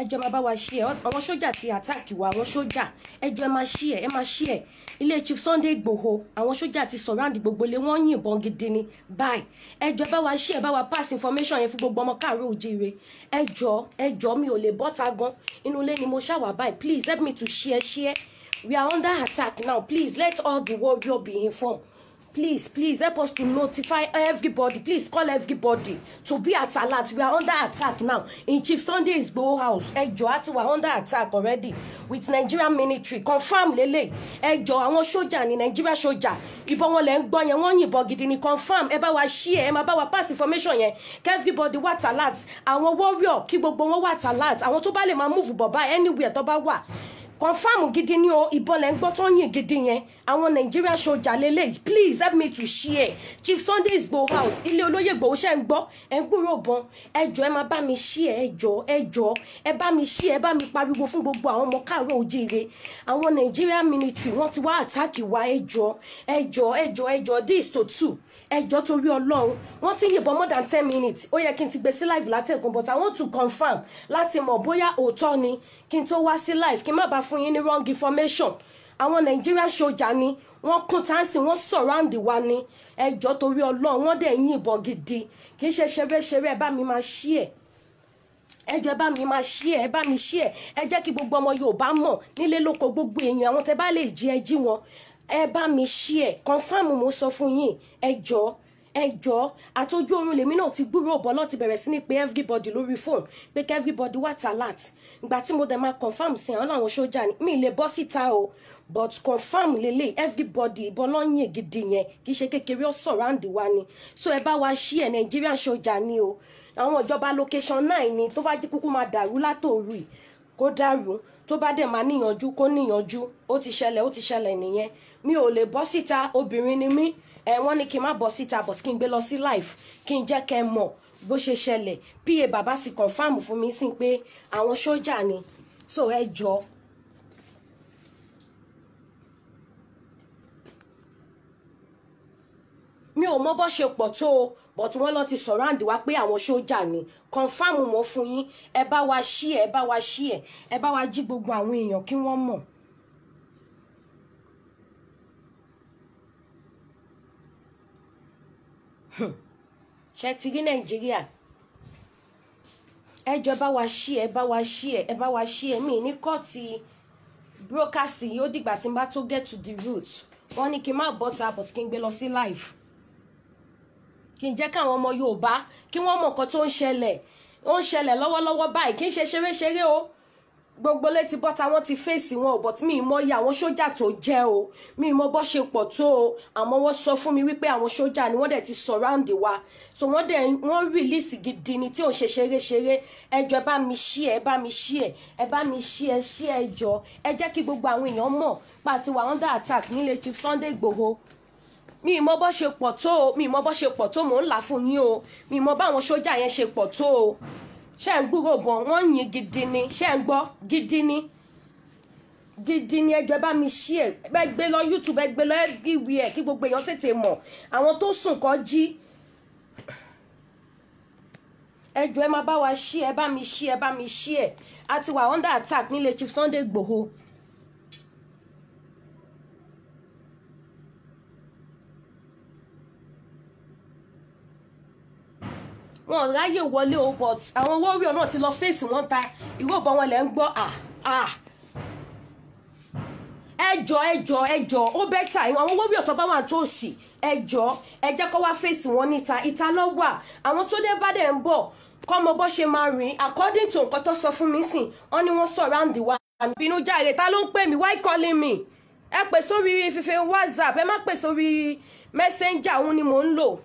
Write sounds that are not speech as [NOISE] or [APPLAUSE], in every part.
ẹjọ́ máa bá wa ṣí ẹ àwọn sójà ti attack wa àwọn sójà ẹjọ́ ẹ máa ṣí ẹ ẹ máa ṣí ẹ ilé Chief Sunday Igboho àwọn sójà ti surround gbogbo ilé wọn yìnbọn gidi ni báyìí ẹjọ́ bá wa ṣí ẹ bá wa pass information yẹn fún gbogbo ọmọ káàárọ̀ òjíire ẹjọ́ ẹjọ́ mi ò lè bọ́ta gan inú ilé ni mo ṣàwà báyìí please help me to share share we are under attack now please let all the warrior be informed please please help us to notify everybody please call everybody to be at alert we are under attack now in Chief Sunday Igboho house ẹjọ àti we are under attack already with Nigerian military confam lele ẹjọ àwọn sójà ní Nigeria sójà ìbọn wọn lẹ ń gbọ́ yẹn wọ́n yìnbọn gidi ní confam ẹ bá wa share ẹ máa bá wa pass information yẹn kí everybody wà alert àwọn warrior kí gbogbo wọn wà alert àwọn tó bá lè máa move bọ̀ bá anywhere tó bá wà confam gidi ni o ìbọn lẹ́ ń gbọ́ tó ń yìn gidi yẹn àwọn Nigeria soldier lélẹ́yìí please help me to share Chief Sunday Igboho house ilé olóyè Igboho ṣẹ́ ń gbọ́ ẹ̀ ń gbúrò bọn ẹjọ́ ẹ máa bá mi share ẹjọ́ ẹjọ́ ẹ bá mi share ẹ bá mi pariwo fún gbogbo àwọn ọmọ káàárọ̀ oòjíire àwọn Nigeria Ministry. wọ́n ti wá àtàkì wá ẹjọ́ ẹjọ́ ẹjọ́ ẹjọ́ this to two ẹjọ́ torí ọlọ́run wọ́n ti yìnbọn more than ten minutes ó yẹ kí n ti gbé sí live látẹ̀kùn but I want to confirm láti mọ̀ bóyá òótọ́ ni kí n tó wá sí live kí n má bàa fún yín ní wrong information àwọn Nigerian soja ni wọ́n kún táǹsì wọ́n surround wa ni ẹjọ́ torí Ọlọ́run wọ́n dẹ̀ yìnbọn gidi kì í ṣe ṣeré ẹ bá mi máa ṣí ẹ̀ ẹjọ́ ẹ bá mi máa ṣí ẹ̀ ẹ bá mi ṣí ẹ̀ ẹ jẹ́ kí gbogbo ọmọ Yorùbá mọ̀ nílé lóko gbogbo èèyàn àwọn tẹ bá lè jí ẹ jí wọn ẹ bá mi ṣí ẹ̀ confam mo sọ fún yín ẹjọ́ ẹjọ́ àtọ́jú oorun lèmi náà ti gbúròó bọ́ lọ́ọ́ ti bẹ̀rẹ̀ sí ní pé everybody lórí phone pé kí everybody wà talat ìgbà tí mo dẹ̀ máa confam sí àwọn làwọn sójà ni mi lè bọ́ síta o but confam lélẹ̀ everybody ìbọn lọ́yìn gidi yẹn kì í ṣe kékeré ó surround wa ni so ẹ bá wa ṣí ẹ̀ Nigerian sójà ni o àwọn ìjọba location nine ni tó bá jí kúkú máa dàrú látòru yìí kó dàrú tó bá dẹ̀ máa níyànjú kó níyànjú ó ti ṣẹlẹ̀ ó ti ṣẹlẹ̀ nìyẹn mi ò lè bọ́ síta obìnrin ni mí ẹ̀ wọ́n ní kí n má bọ́ síta but kí n gbé lọ sí life kí n jẹ́ kẹ́ mọ̀ bó ṣe ṣẹlẹ̀ pa bàbá ti confam fún mi sí pé àwọn sójà ni so ẹ jọ mi ò mọ bó ṣe pọ̀ tó o but wọ́n lọ ti surround wa pé àwọn sójà ni confam mọ́ fún yín ẹ bá wa ṣí ẹ bá wa ṣí ẹ ẹ bá wa jí gbogbo àwọn èèyàn kí wọ́n mọ̀. Hmm ṣe ti rí nàìjíríà ẹjọ bá wa ṣí ẹ bá wa ṣí ẹ ẹ bá wa ṣí ẹ mi ní kọ́ọ̀tì broadcasting yóò dìgbà tí n bá tó get to the root wọ́n ní kí n má bọ́ta but kí n gbé lọ sí live kí n jẹ́ káwọn ọmọ yorùbá kí wọ́n mọ̀ nǹkan tó ń ṣẹlẹ̀ ó ń ṣẹlẹ̀ lọ́wọ́lọ́wọ́ báyìí kí n ṣe ṣeré ṣeré o gbogbo létí bọ́ta wọ́n ti fèsì wọn ò bọ̀tí mi mọ iye àwọn sójà tó jẹ́ o mi mọ bọ́ ṣe pọ̀ tó o àmọ́ wọ́n sọ fún mi wípé àwọn sójà ni wọ́n dẹ̀ ti surround wa so wọ́n dẹ̀ wọ́n release gidi ni tí ò ń ṣe ṣeréṣeré ẹjọ́ ẹ bá mi ṣí ẹ ẹ bá mi ṣí ẹ ẹ bá mi ṣí ẹ ṣí ẹ ẹ jẹ́ kí gbogbo àwọn èèyàn mọ̀ pa àti wà under attack nílé Chief Sunday Igboho mi mọ bọ́ ṣe pọ̀ tó o mi mọ bọ́ ṣe pọ̀ tó mò ń là fún yín o mi mọ báwọn sójà yẹn ṣe pọ̀ tó o ṣe ń gbúrò gan wọ́n yin gidi ni ṣe ń gbọ́ gidi ni gidi ni ẹgbẹ́ bá mi ṣí ẹ̀ ẹ gbé lọ YouTube ẹ gbé lọ everywhere kí gbogbo èèyàn tètè mọ̀ àwọn tó sùn kọ́ jí ẹjọ́ ẹ máa bá wa ṣí ẹ bá mi ṣí ẹ bá mi ṣí ẹ àti wà under attack nílé Chief Sunday Igboho wọn ò ráyè wọlé o but àwọn warrior náà ti lọ fèsì wọn ta ìró ìbọn wọn lẹ ń gbọ́ à ah, à ah. ẹjọ ẹjọ ẹjọ ó bẹ́tà àwọn warrior tó bá wà tó sì ẹjọ ẹjẹ kó wá fèsì wọn níta ìta lọ wà àwọn tó dé bá dẹ̀ ń bọ̀ kọ́mọ bọ́ ṣe máa rìn according to nǹkan tó sọ fún mi sìn wọ́n ní wọ́n surround wa bínú jàre ta ló ń pè mí why calling me ẹ pè sórí fífi whatsapp ẹ má pè sórí messenger òun ni mò ń lò.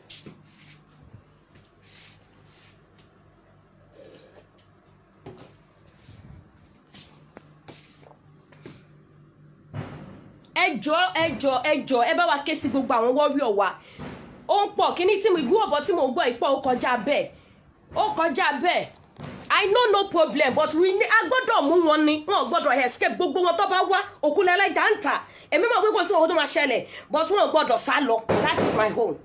ẹjọ́ ẹjọ́ ẹjọ́ ẹ bá wa ké sí gbogbo àwọn wọ́ríọ̀ wa ó ń pọ̀ kíní tí mo ìgbú ọ̀bọ tí mo gbọ́ ìpọ̀ ó kọjá bẹ́ẹ̀ ó kọjá bẹ́ẹ̀ i know no problem but we ni a gbọ́dọ̀ mú wọn ni wọn gbọ́dọ̀ escape gbogbo wọn tó bá wá òkú lẹ́lẹ́jà ń tà èmi mọ̀ pé kò sí ohun tó máa ṣẹlẹ̀ but wọn gbọ́dọ̀ sá lọ that is my home.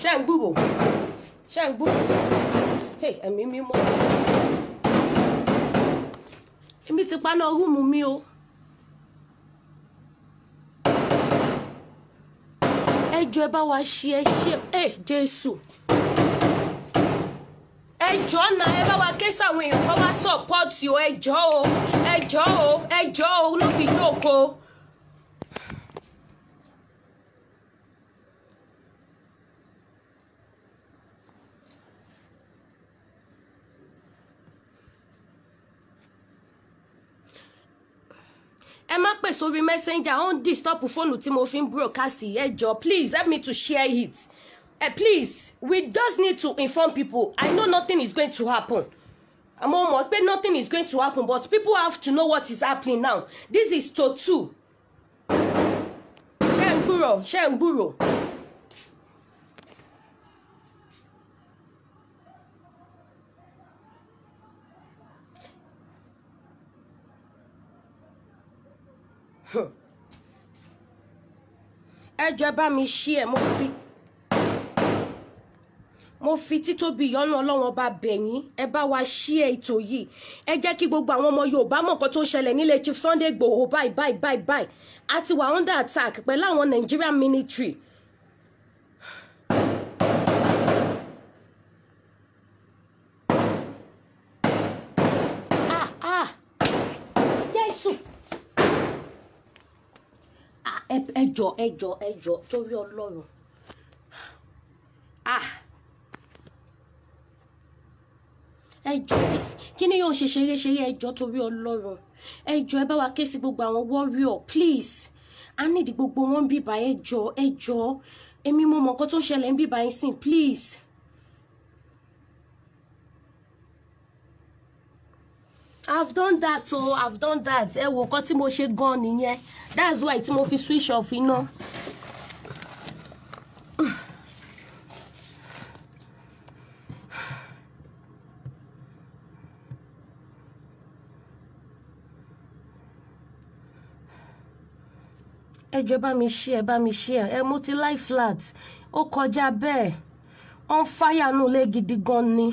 ṣé ń gbúrò ṣé ń gbúrò hey ẹ̀mí mímọ́ èmi ti paná rúùmù mi o. ẹjọ́ ẹ bá wa ṣe ẹ ṣe ẹ jésù ẹjọ́ náà ẹ bá wa ké sáwọn èèyàn kọ́ máa sọ̀pọ̀tì o ẹjọ́ o ẹjọ́ o ẹjọ́ o ló jókòó. má pè sórí messenger ó ń disturb fóònù tí mo fi ń broadcast ẹ jọ̀ọ́ please help me to share it uh, please we just need to inform people i know nothing is going to happen mo mọ̀ pé nothing is going to happen but people have to know what is happening now this is to two ṣé ń ẹjọ ẹ bá mi ṣí ẹ mo fi mo fi títóbi ìyọ́nú ọlọ́run ọba bẹ̀yìn ẹ bá wa ṣí ẹ ètò yìí ẹ jẹ́ kí gbogbo àwọn ọmọ yorùbá mọ̀ nǹkan tó ń ṣẹlẹ̀ nílé chief sunday gbòho báyìí báyìí báyìí báyìí àti wà under attack pẹ̀lú àwọn nigerian Ministry. ẹjọ ẹjọ ẹjọ torí Ọlọ́run ah ẹjọ kí ni yóò ṣe ṣeré ṣeré ẹjọ torí Ọlọ́run ẹjọ ẹ bá wa ké sí gbogbo àwọn warrior please a nídìí gbogbo wọn bíbá ẹjọ ẹjọ èmi mo mọ nǹkan tó ń ṣẹlẹ̀ ń bíbá yín sìn please. I've done that o oh, I've done that ẹ wo nǹkan tí mo ṣe gan nìyẹn that's why tí mo fi switch off iná. ẹ jọ̀ọ́ bá mi ṣí ẹ bá mi ṣí ẹ ẹ mo ti láì flat ó kọjá bẹ́ẹ̀ on fire nù lé gidi gan ni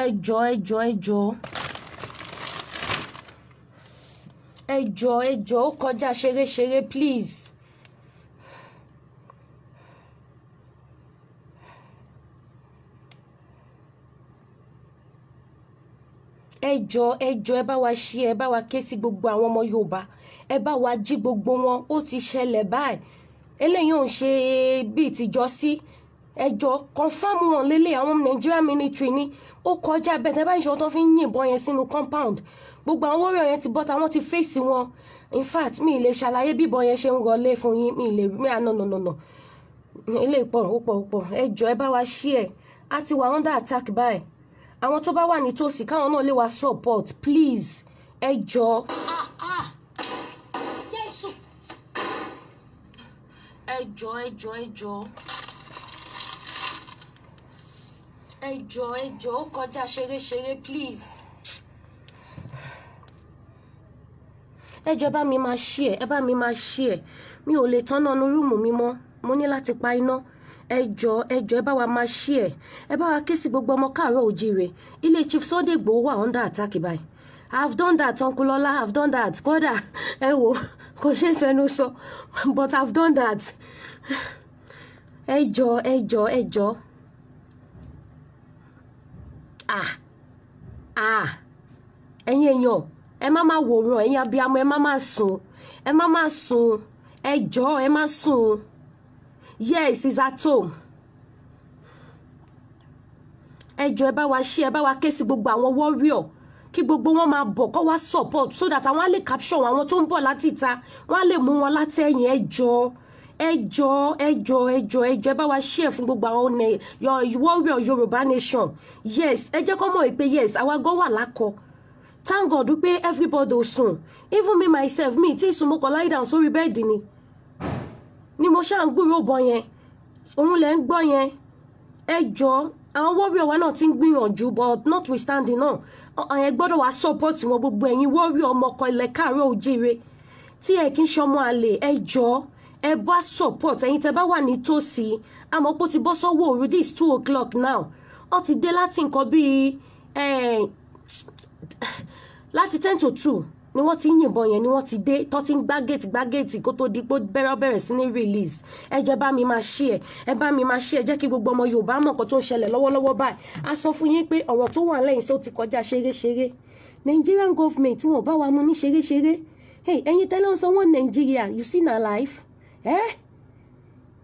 ẹ jọ̀ọ́ ẹ ẹ jọ ẹ jọ ó kọjá ṣeréṣeré please. ẹ jọ ẹ jọ ẹ bá wa ṣí ẹ bá wa ké sí gbogbo àwọn ọmọ Yorùbá ẹ bá wa jí gbogbo wọn ó ti ṣẹlẹ̀ báyìí eléyìí ò ń ṣe bíi tìjọ sí ẹjọ́ kọfáàmù wọn lélẹ̀ àwọn Nigerian military ni ó kọjá bẹ́ẹ̀ tẹ́ bá ń ṣe wọn tó fi ń yìnbọn yẹn sínú compound gbogbo àwọn warrior yẹn ti bọ́ta wọ́n ti fèsì wọn in fact mi lè ṣàlàyé bíbọn yẹn ṣe ń wọlé fún yín mi lè mi àná nà nà nà ilé ìpọ̀ púpọ̀ púpọ̀ ẹ jọ ẹ bá wa ṣí ẹ̀ a ti wà under attack báyìí àwọn tó bá wà nítòsí káwọn náà lè wá support please ẹ jọ. ẹ jọ ẹ jọ ẹ jọ ẹ jọ ẹ jọ ó kọjá ṣeréṣeré please. ẹ bá mi máa ṣí ẹ ẹ bá mi máa ṣí ẹ mi ò lè tán nu rúùmù mi mọ́ mo ní láti pa iná ẹ jọ̀ọ́ ẹ jọ̀ọ́ ẹ bá wa máa ṣí ẹ ẹ bá wa ké sí gbogbo ọmọ káàárọ̀ òjíire ilé Chief Sunday Igboho wà under attack báyìí i have done that Uncle Lola i have done that kódà ẹ wò kò ṣe é fẹnu sọ but i have done that ẹ jọ̀ọ́ ẹ ah ah ẹ̀yin èèyàn ẹ má má wòran ẹ̀yin abiyamọ ẹ má má sùn ẹ má má sùn ẹ jọ̀ọ́ ẹ má sùn yes is at home ẹ jọ̀ọ́ ẹ bá wa ṣe ẹ bá wa ké sí gbogbo àwọn warrior kí gbogbo wọn máa bọ̀ kọ́ wá support so that àwọn á lè capture àwọn tó ń bọ̀ láti ìta wọ́n á lè mú wọn láti ẹ̀yìn ẹ jọ̀ọ́ ẹ jọ̀ọ́ ẹ jọ̀ọ́ ẹ jọ̀ọ́ ẹ jọ̀ọ́ ẹ bá wa ṣe ẹ fún gbogbo àwọn ọ̀nà warrior Yorùbá nation yes ẹ jẹ́ kó mọ̀ pé yes àwa gan wà lákọ̀ọ́ thank god we pay everybody soon. even me myself me. tí ìsùn mo kàn lie down we bẹ́ẹ̀dì Dini. ni mo ṣáà ń gbúrò bọ yẹn òun lẹ ń gbọ́ yẹn ẹ jọ àwọn warrior wa náà ti ń gbìyànjú but notwithstanding náà ọ̀yẹn gbọ́dọ̀ wá support wọn gbogbo ẹ̀yin warrior ọmọ ọkọ ilẹ̀ káàárọ̀ òjíire tí ẹ kí ń ṣọmọ àlè ẹ jọ ẹ bá support ẹ̀yin tẹ bá wà nítòsí àmọ́ pé ó ti bọ́ sọ́wọ́ this two o'clock now ó ti dé láti nǹkan bíi eh, láti ten to two ni wọ́n ti ń yìnbọn yẹn ni wọ́n ti dé tó ti ń gbá gate gbá gate kó tó di pé bẹ́rẹ̀ bẹ̀rẹ̀ sí ní release ẹ jẹ́ bá mi máa ṣí ẹ ẹ bá mi máa ṣí ẹ jẹ́ kí gbogbo ọmọ Yorùbá mọ̀ nǹkan tó ń ṣẹlẹ̀ lọ́wọ́lọ́wọ́ báyìí a sọ fún yín pé ọ̀rọ̀ tó wà lẹ́yìn sí ó ti kọjá ṣeréṣeré Nigerian government wọn ò bá wa mú ní ṣeréṣeré ẹ̀yin tẹ́lẹ̀ ń sanwó Nigeria you see na life eh?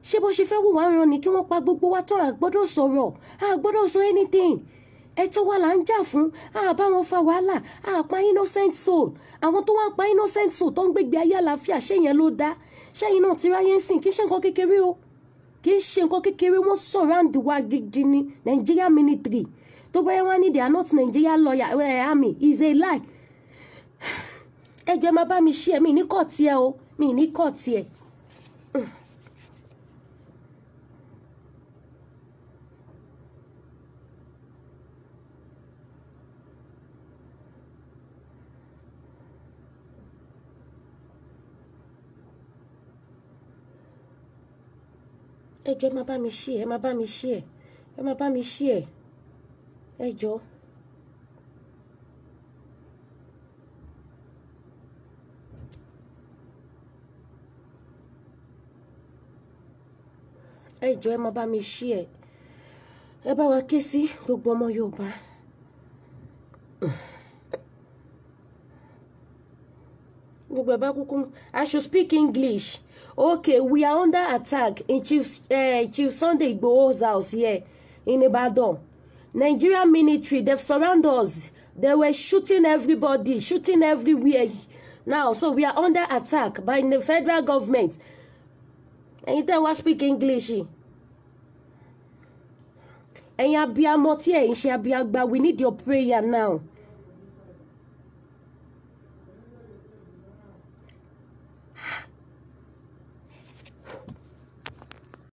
ṣé bó ṣe fẹ́ wù wá ń ran ni kí wọ́n pa gbogbo wa tán àgbọ́dọ̀ sọ̀rọ̀ àgbọ́dọ̀ sọ anything ẹ̀tọ́ wa là ń jà fún àbá wọn fa wàhálà àpá innocent soul àwọn tó wá ń pa innocent soul tó ń gbégbé ayé àlàáfíà ṣéyẹn ló dá ṣéyìn náà ti ráyé sìn kì ṣe nǹkan kékeré o kì í ṣe nǹkan kékeré wọ́n surround wa gidi ni Nigeria ministry. tó bá yẹ wá ní they are not Nigeria lawyer uh, army is a lie ẹjọ́ [SIGHS] ẹ máa bá mi ṣí ẹ mi ní kọ́ọ̀tì ẹ o mi ní kọ́ọ̀tì ẹ. [SIGHS] ẹ jọ̀ọ́ ẹ máa bá mi ṣí ẹ máa bá mi ṣí ẹ ẹ máa bá mi ṣí ẹ ẹ jọ̀ọ́. ẹ jọ̀ọ́ bá mi ṣí ẹ ẹ bá wa ké sí gbogbo ọmọ Yorùbá gbogbo ẹ̀ kúkú I should speak English okay we are under attack in Chief, uh, Chief Sunday Igboho's house here in Ibadan Nigeria military they surround us they were shooting everybody shooting everywhere now so we are under attack by the federal government ẹ̀yin tẹ́ wá speak English ẹ̀yin abiyamọ tí ẹ̀yin ṣe abiyagbá we need your prayer now.